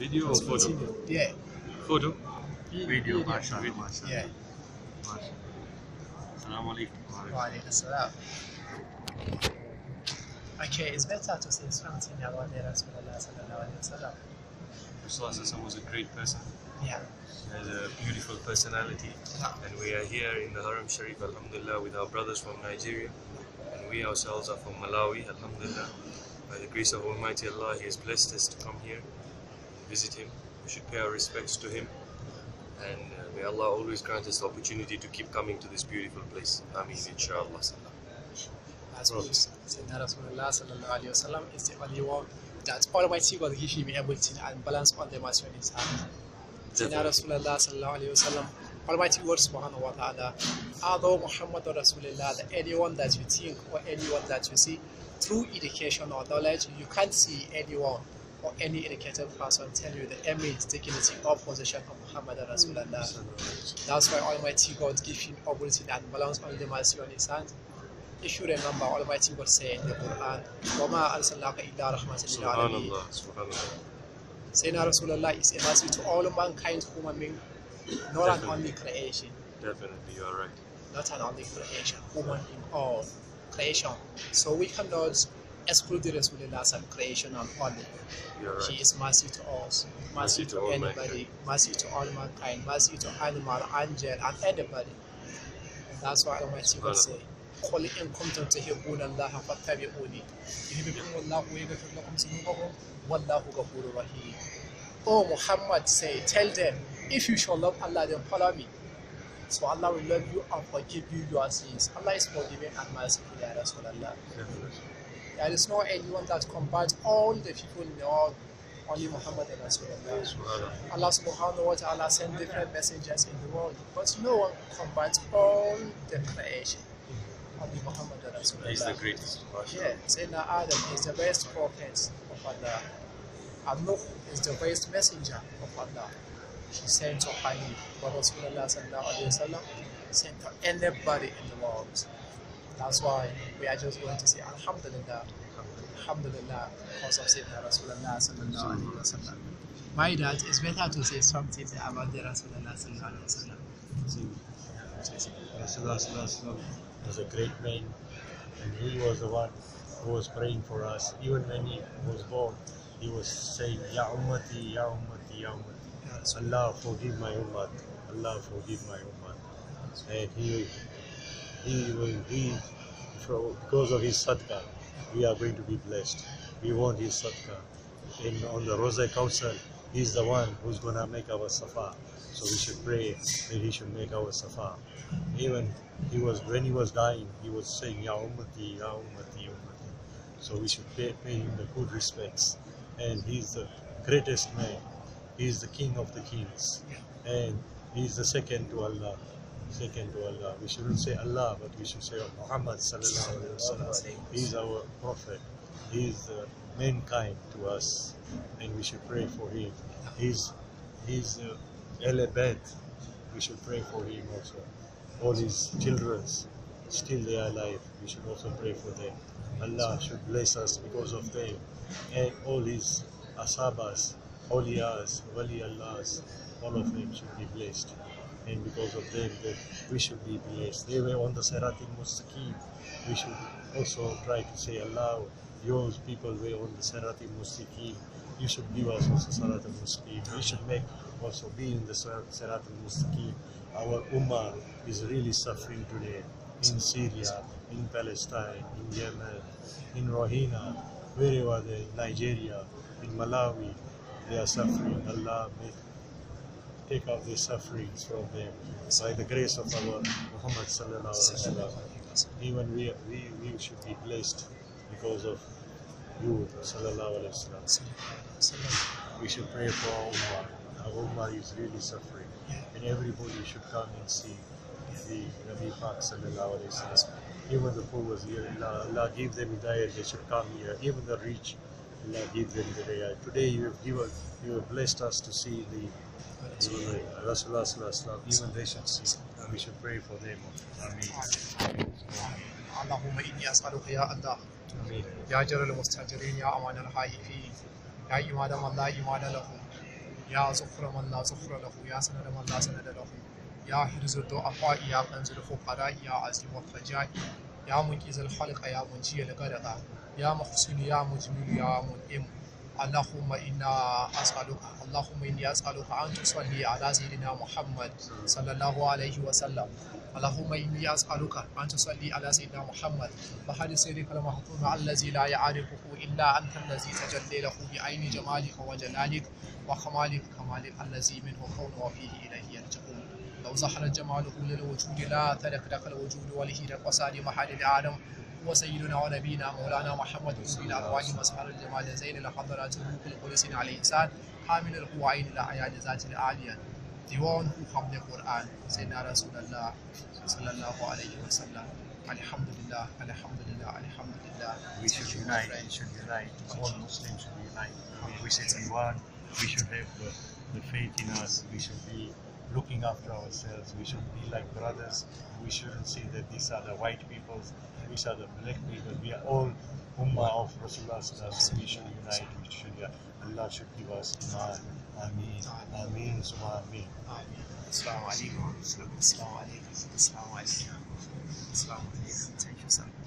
Video or photo? Video. Yeah. Photo? Video, mashallah, Video. Yeah. mashallah. Assalamu alaikum. Wa alaikum assalam. Okay, it's better to say something about the Rasulullah sallallahu alayhi Rasulullah was a great person. Yeah. He has a beautiful personality. Yeah. And we are here in the Haram Sharif, alhamdulillah, with our brothers from Nigeria. And we ourselves are from Malawi, alhamdulillah. By the grace of Almighty Allah, He has blessed us to come here visit him. We should pay our respects to him. And uh, may Allah always grant us the opportunity to keep coming to this beautiful place. Ameen, inshallah. As well, Sayyidina Rasulullah sallallahu alayhi wa sallam is the only one that Almighty God He should be able to and balance all the matters in His hand. Sayyidina Rasulullah sallallahu alayhi wa sallam Almighty God subhanahu wa ta'ala, although Muhammad Rasulullah, that anyone that you think or anyone that you see, through education or knowledge, you can't see anyone or any educated person tell you the emir is taking seat in position of Muhammad Rasulullah. That's why Almighty God give him ability and balance on the mercy on his hand. You should remember Almighty God said in the Quran, وَمَا أَرْسَلْنَاكَ Illa رَحْمَةً لِلْعَالَمِينَ Sayyidina Rasulullah is a mercy to all mankind, human being, not an only creation. Definitely, you are right. Not an only creation, human in all creation. So we cannot excluded Rasulullah some creation and only. Right. She is mercy to us, mercy, mercy to, to anybody, mercy to all mankind, mercy to animal, angel, and anybody. And that's why Almighty will say, قل you كنتم تحبون الله فاتبعوني يحببكم الله ويغفر لكم ذنوبكم والله غفور رحيم Oh Muhammad say, tell them, if you shall love Allah, then follow me. So Allah will love you and forgive you your sins. Allah is forgiving and merciful, Ya Rasulallah. There is no anyone that combines all the people in the world, only Muhammad and Rasulullah. Allah subhanahu wa ta'ala sent different messengers in the world, but no one combines all the creation. Only Muhammad and Rasulullah. He's the greatest. Yeah, Sayyidina Adam is the best prophet of Allah. And Nuh is the best messenger of Allah. He sent to Ali, but Rasulullah sent to anybody in the world. That's why we are just going to say Alhamdulillah, Alhamdulillah, because of Sayyidina Rasulullah sallallahu alayhi wa sallam. By that, it's better to say something about the Rasulullah sallallahu alayhi wa sallam. Rasulullah was a great man, and he was the one who was praying for us. Even when he was born, he was saying, Ya Ummati, Ya Ummati, Ya Ummati. Allah forgive my Ummat, Allah forgive my Ummat. And he he will he because of his sadka we are going to be blessed we want his sadka in on the rose Council he's the one who's gonna make our safa so we should pray that he should make our safa even he was when he was dying he was saying ya ummati ya ummati ummati so we should pay, pay him the good respects and he's the greatest man he's the king of the kings and he's the second to allah second to Allah. We shouldn't say Allah, but we should say Muhammad sallallahu alaihi wasallam. He's our prophet. He's uh, mankind to us, and we should pray for him. He's he's uh, Elabed. We should pray for him also. All his children, still they are alive. We should also pray for them. Allah should bless us because of them, and all his asabas, holy as, wali Allahs, all of them should be blessed and because of them that we should be blessed. They were on the Seratim Mustaqim. We should also try to say, Allah, Those people were on the Seratim Mustaqim. You should give us also Seratim Mustaqim. We should make also be in the Seratim Mustaqim. Our Ummah is really suffering today in Syria, in Palestine, in Yemen, in Rohingya, wherever, in Nigeria, in Malawi, they are suffering. Allah make take out the sufferings from them by the grace of our Muhammad sallallahu alaihi wasallam. Even we, we, we should be blessed because of you sallallahu alaihi wasallam. We should pray for our ummah. Our ummah is really suffering, and everybody should come and see the Nabi Pak sallallahu alaihi wasallam. Even the poor was here, Allah, Allah give them hidayah, they should come here. Even the rich, Allah give them the day. Today you have given, you have blessed us to see the, the Rasulullah even they should see. And we should pray for them. Ameen. اللهم إني أسألك يا الله يا جل المستجرين يا أمان الحائفين يا إيمان من لا إيمان له يا زخر من لا زخر له يا سند من لا سند له يا حرز الضعفاء يا كنز الفقراء يا عزيم الفجاء يا منقذ الخلق يا منجي الغرق يا محسن يا مجمل يا منعم اللهم إنا أسألك اللهم إني أسألك أن تصلي على سيدنا محمد صلى الله عليه وسلم اللهم إني أسألك أن تصلي على سيدنا محمد وحال سيدك المحطوم الذي لا يعرفه إلا أنت الذي تجلي له بعين جمالك وجلالك وخمالك كمالك الذي منه كون وفيه إليه يرجعون لو زحل الجمال كل الوجود لا ترك لك الوجود ولهدك وسالم حال العالم وسيدنا ونبينا مولانا محمد بن أرواح مسحر الجمال زين لحضرات الروح القدس على الإنسان حامل القوائن إلى حياة ذات العالية ديوان هو حمد القرآن سيدنا رسول الله صلى الله عليه وسلم الحمد لله الحمد لله الحمد لله we should unite we should unite all Muslims should unite we should be one we should have the, the faith in us we should be looking after ourselves. We should be like brothers. We shouldn't see that these are the white peoples, these are the black people. We are all ummah of Rasulullah. We should unite. We should, Allah should give us iman. Ameen. Ameen. Suma Ameen. Assalamu alaikum. Assalamu alaikum. Assalamu alaikum. Assalamu alaikum. Thank you, sir.